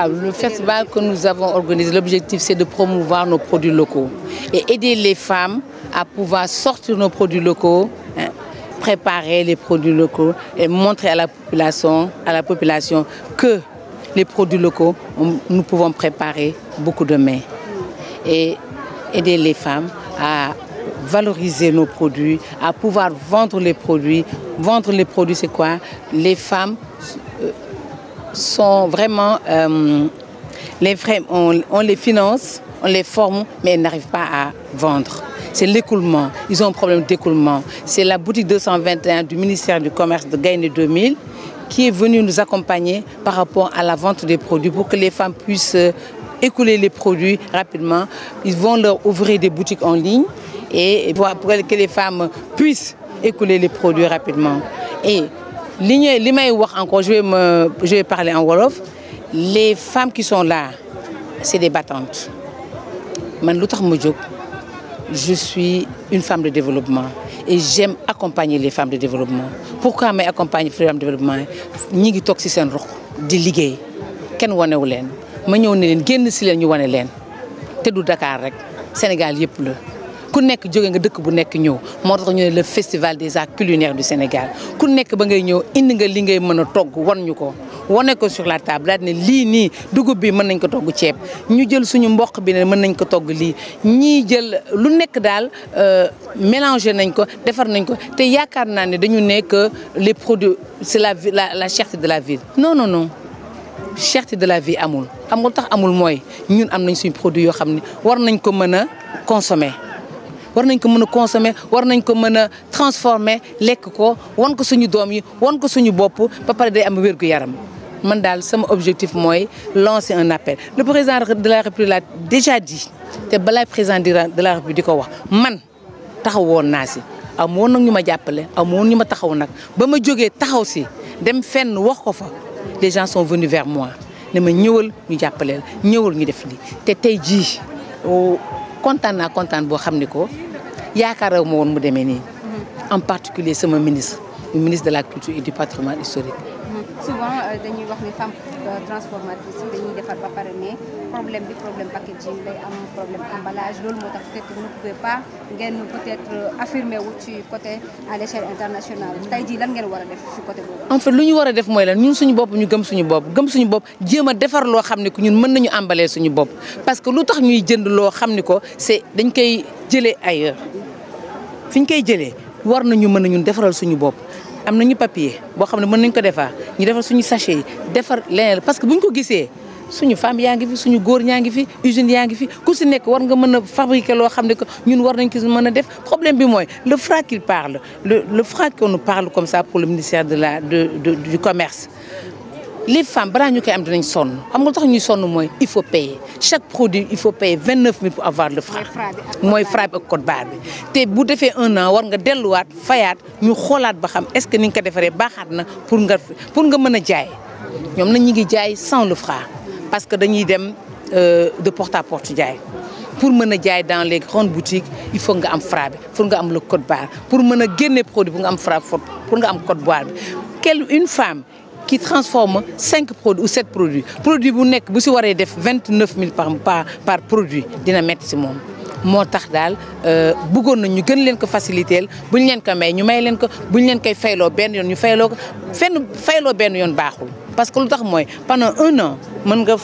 Wow, le festival que nous avons organisé, l'objectif c'est de promouvoir nos produits locaux et aider les femmes à pouvoir sortir nos produits locaux, hein, préparer les produits locaux et montrer à la population, à la population que les produits locaux, on, nous pouvons préparer beaucoup de mets et aider les femmes à valoriser nos produits, à pouvoir vendre les produits. Vendre les produits, c'est quoi? Les femmes sont vraiment, euh, les frais, on, on, les finance, on les forme, mais ils n'arrivent pas à vendre. C'est l'écoulement, ils ont un problème d'écoulement. C'est la boutique 221 du ministère du Commerce de Gagne 2000 qui est venue nous accompagner par rapport à la vente des produits pour que les femmes puissent euh, écouler les produits rapidement. Ils vont leur ouvrir des boutiques en ligne et pour que les femmes puissent écouler les produits rapidement. li ñuy li may wax encore je vais me parler en wolof les femmes qui sont là c'est des battantes man lu tax ma jóg je suis une femme de développement et j'aime accompagner les femmes de développement pourquoi may accompagner femmes de développement ñi ngi toog ci seen rox di liggéey kenn wanewu leen ma ñëw ne leen génn ci leen ñu wane leen te du Dakar rek Sénégal yépp la ku nekk jóge nga dëkk bu nekk ñëw moo tax ñu le festival des arts culinaires du Sénégal ku nekk ba ngay ñëw indi nga li ngay mën a togg wan ñu ko wane ko sur la table ne lii nii dugub bi mën nañ ko togg ceeb ñu jël suñu mboq bi ne mën nañ ko togg lii ñii jël lu nekk daal euh, mélangé nañ ko defar nañ ko te yaakaar naa ne dañu nekk les produits c'est la la la cherté de la ville non non non cherté de la vie amul xam nga tax amul mooy ñun am nañ suñu produit yoo xam ne war nañ ko mën a consommer war nañ ko mën a consommer war nañ ko mën a transformer lekk ko wan ko suñu doom yi wan ko suñu bopp ba pare day am wérgu yaram man daal sama objectif mooy lancer un appel le président de la république l'a déjà dit te balaa président de la république di ko wax man taxaw woon naa si amoon nag ñu ma jàppale amoon ñu ma taxaw nag ba ma jógee taxaw si dem fenn wax ko fa les gens sont venus vers moi ne ma ñëwal ñu jàppale la ñëwal ñu def lii te tey jii kontaan naa kontaan boo xam ni ko yaakaar yaakaaraw ma woon mu demee nii mhm. en particulier sama ministre ministre de la culture et du patrimoine historique souvent euh, dañuy wax ni femme euh, transformatrice yi dañuy defar ba pare mais problème bi problème packaging lay am problème emballage loolu moo tax peut euh, wu ci côté à l'échelle internationale ngeen war lu ñu war a def mooy lan ñun suñu bopp ñu gëm suñu bopp gëm suñu bopp jéem a defar loo xam ne ko ñun mën nañu emballer suñu bopp parce que lu tax ñuy jënd loo xam ni ko c'est dañ koy jëlee ay fi ñu koy jëlee war nañu mën a ñun defaral suñu bopp. am nañu papier boo xam ne mën nañ ko defar ñu defar suñu sachet yi defar leneen parce que bu ñu ko gisee suñu femme yaa ngi fi suñu góor ñaa ngi fi usine yaa ngi fi ku si nekk war nga mën a fabriquer loo xam ne que ñun war nañ ko mën a def problème bi mooy le franc qu'il parle le le franc qu'on nous parle comme ça pour le ministère de la de du commerce. les femmes balaa ñu koy am dinañ sonn xam nga tax ñuy sonn mooy il faut payer chaque produit il faut payer vingt neuf mille pour avoir le franc mooy franc bi ak code barre bi te bu defee un an war nga delluwaat fayaat ñu xoolaat ba xam est-ce que ni nga ko defaree baaxaat na pour nga pour nga mën a jaay ñoom nag ñu ngi jaay sans le franc parce que dañuy dem euh, de porte à porte jaay pour mën a jaay dans les grandes boutiques il faut nga am fra bi pour nga am le code barre pour mën a génne produit bu nga am franc pour nga am code barre bi une femme qui transforme cinq produits ou sept produits produit bu nekk bu si waree def vingt neuf mille par par par produit dina métti si moom. moo tax daal euh, bëggoon nañ ñu gën leen ko bu ñu leen ko may ñu may leen ko buñ leen koy fayloo benn yoon ñu fayloo ko fenn fayloo benn yoon baaxul. parce que lu tax mooy pendant un an mën nga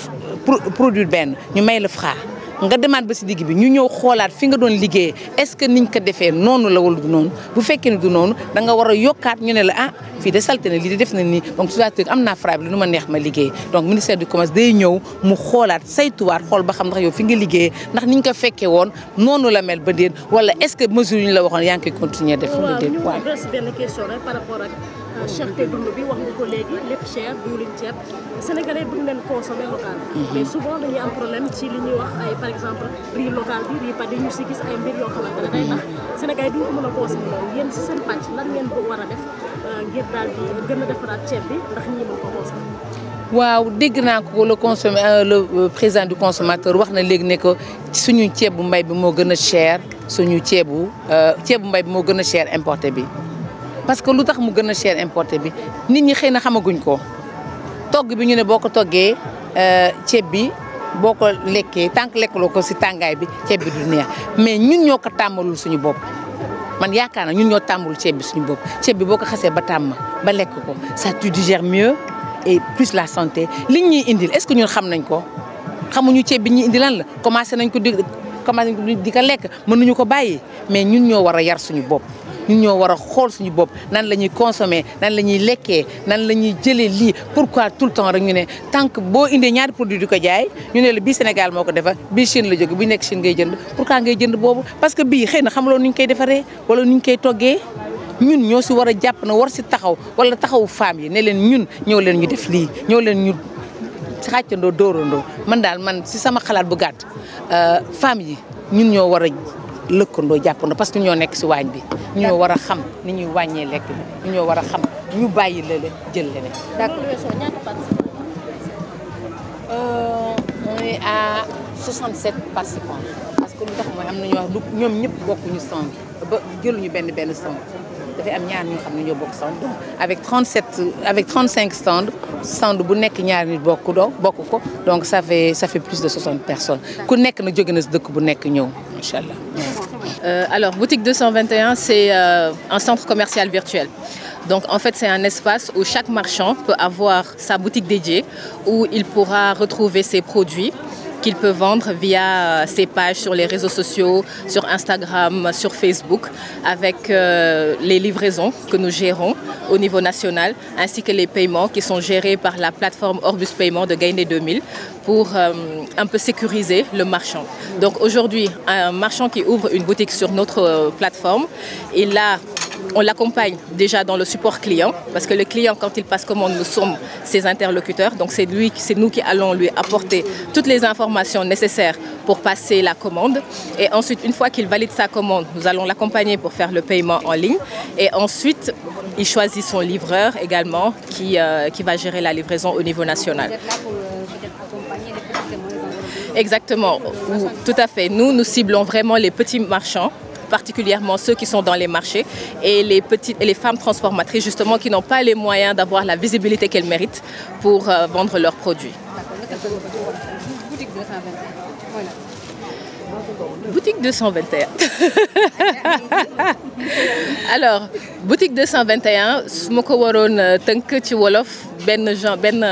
produire benn ñu may la fra nga demaat ba si digg bi ñu ñëw xoolaat fi nga doon liggéeyee est-ce que niñ ko defee noonu la wala du noonu bu fekkee ne du noonu da nga war a yokkaat ñu ne la ah fii de salte na lii de def na nii donc su laatee am naa frappe li nu ma neex ma liggéey donc ministère du commerce day ñëw mu xoolaat saytuwaat xool ba xam ndax yow fi nga liggéeyee ndax niñ ko fekkee woon noonu la mel ba déet wala est-ce que mesure yi ñu la waxoon yaa ngi continuer def. waaw ñu ngi des cherté dund bi wax nga ko léegi lépp cher diwlin ceeb sénégalais bëgg nañ consommer local. Mhm. mais souvent dañuy am problème ci li ñuy wax ay par exemple riz local bi riz pâté ñu si gis ay mbir yoo xamante ne day tax sénégalais duñ ko mën a consommer seen pàcc lan ngeen ko war def euh, ngir daal di gën a defaraat ceeb bi ndax ñi mën ko consommer. waaw dégg naa ko le consom euh, le euh, président du consommateur wax na léegi ne que suñu bu mbay bi moo gën a cher suñu ceebu ceebu mbay moo gën a cher importé bi. parce que lu tax mu gën a cher importé bi nit ñi xëy na xamaguñ ko togg bi ñu ne boo ko toggee euh, ceeb bi boo ko lekkee tànk lekkaloo ko si tàngaay bi ceeb bi du neex mais ñun ñoo ko tàmmalul suñu bopp. man yaakaar na ñun ñoo tàmbalul ceeb bi suñu bopp ceeb bi boo ko xasee ba tàmm ba lekk ko ça tu digères mieux et plus la santé li ñuy indil est-ce que ñun xam nañ ko xamuñu ceeb bi ñuy indi lan la commencé nañ ko commencé di ko lekk mën nañu ko bàyyi mais ñun ñoo war a yar suñu bopp ñun ñoo war a xool suñu bopp nan la ñuy consommer nan la ñuy lekkee nan la ñuy jëlee lii quoi tout le temps rek ñu ne tant boo indee ñaari produit di ko jaay ñu ne la bii Sénégal moo ko defar bii Chine la jóge bi nekk Chine ngay jënd pourquoi ngay jënd boobu parce que bii xëy na xamuloo nu ñu koy wala nu ñu koy toggee ñun ñoo si war a jàpp na war si taxaw wala taxaw femmes yi ne leen ñun ñoo leen ñu def lii ñoo leen ñu xàccandoo dóorandoo man daal man si sama xalaat bu gàtt euh, femme yi ñun ñoo war a lëkkandoo jàppandoo parce que ñoo nekk si waañ bi. ñu ñoo war a xam ni ñuy wàññee lekk bi ñu ñoo war a xam ñu bàyyi lële jël lële. d'accord euh, on est à 67 participants parce que lu tax mooy am na ñoo xam ñoom ñëpp bokkuñu song ba jëluñu benn benn song. dafay am ñaar ñoo xam ne bokk stand donc avec 37 avec 35 stand stand bu nekk ñaari nit bokk bokk ko donc ça fait ça fait plus de nekk na jóge dëkk bu nekk ñëw incha allah. Euh, alors boutique 221 c'est euh, un centre commercial virtuel. Donc en fait, c'est un espace où chaque marchand peut avoir sa boutique dédiée où il pourra retrouver ses produits qu'il peut vendre via euh, ses pages sur les réseaux sociaux, sur Instagram, sur Facebook, avec euh, les livraisons que nous gérons au niveau national, ainsi que les paiements qui sont gérés par la plateforme Orbus Paiement de Gainé 2000 pour euh, un peu sécuriser le marchand. Donc aujourd'hui, un marchand qui ouvre une boutique sur notre euh, plateforme, il a on l'accompagne déjà dans le support client, parce que le client, quand il passe commande, nous sommes ses interlocuteurs. Donc c'est lui, c'est nous qui allons lui apporter toutes les informations nécessaires pour passer la commande. Et une fois qu'il valide sa commande, nous allons l'accompagner pour faire le paiement en ligne. Et ensuite, il choisit son livreur également qui, euh, qui va gérer la livraison au niveau national. Euh, Exactement, tout à fait. Nous, nous ciblons vraiment particulièrement ceux qui sont dans les marchés et les petites et les femmes transformatrices justement qui n'ont pas les moyens d'avoir pour euh, vendre leurs produits. Boutique 221. Alors, boutique 221 su ma ko waroon euh, tënk ci wolof benn genre benn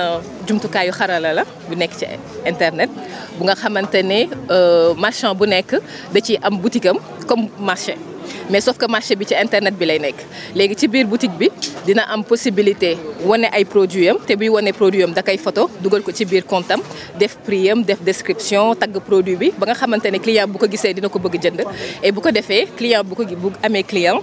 jumtukaayu xarala la bu nekk ci internet bu nga xamante ne euh, marchand bu nekk da ciy am boutique comme marché mais sauf que marché bi ci internet bi lay nekk léegi ci biir boutique bi dina am possibilité wane ay produit am te buy wane produit am da koy photo dugal ko ci biir compte def prix am def description tagg produit bi ba nga xamante ne client bu ko gisee dina ko bëgg jënd bu ko defee client bu ko bu amee client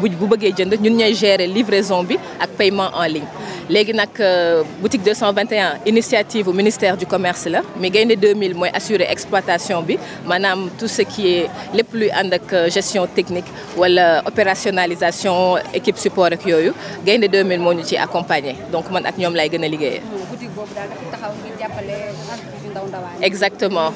bu bu bëggee jënd ñun ñooy gérer livraison bi ak paiement en ligne léegi nag euh, boutique 221 initiative au ministère du commerce la mi Gaïndé 2000 mooy assurer exploitation bi maanaam tout ce qui est lépp luy ànd ak euh, gestion technique wala opérationalisation équipe support ak yooyu gaynde 2000 moo ñu ci accompagner donc man ak ñoom lay gën a liggéeyee. boutique boobu daal dafa taxaw exactement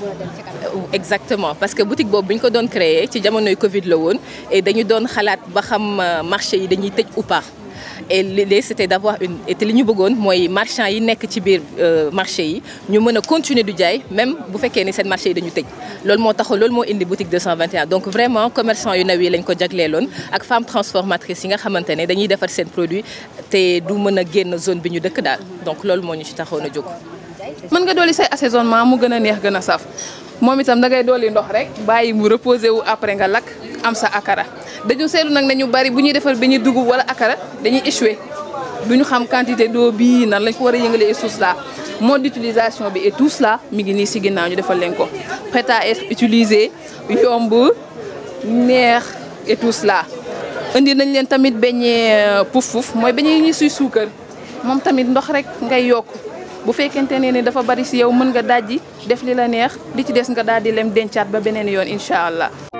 exactement parce que boutique boobu bi ñu ko doon créer ci jamonoy Covid la woon et dañu doon xalaat ba xam euh, marché yi dañuy tëj ou pas. et l'idée c'était d'avoir une te li ñu bëggoon mooy marchand yi nekk ci biir euh, marché yi ñu mën a continuer du jaay même bu fekkee ni seen marché yi dañu tëj lool moo tax lool moo indi boutique 221 donc vraiment commerçant yu ndaw yi lañ ko jagleeloon ak femmes transformatrices yi nga xamante ne dañuy defar seen produit te du mën a génn zone bi ñu dëkk daal donc loolu moo ñu ci taxoon a jóg mën nga dolli say assaisonnement mu gën a neex gën a saf moom itam dangay dolli ndox rek bàyyi mu reposé wu après nga lakk amsa sa akara dañu seetlu nag ne ñu bari bu ñuy defar bi ñu dugub wala akara dañuy échoué ñu xam quantité doo bii nan lañ ko war a yëngalee et tout cela mode utilisation bi et tout mi ngi nii si ginnaaw ñu defal leen ko prêt à être utilisé yomb neex et tout indi nañ leen tamit beñee euh, puf puf mooy beñee ñi suy suukar moom tamit ndox rek ngay yokk bu fekkente ne ni dafa bari si yow mën nga daj def li la neex li ci des nga daal di lem dencaat ba beneen yoon incha allah.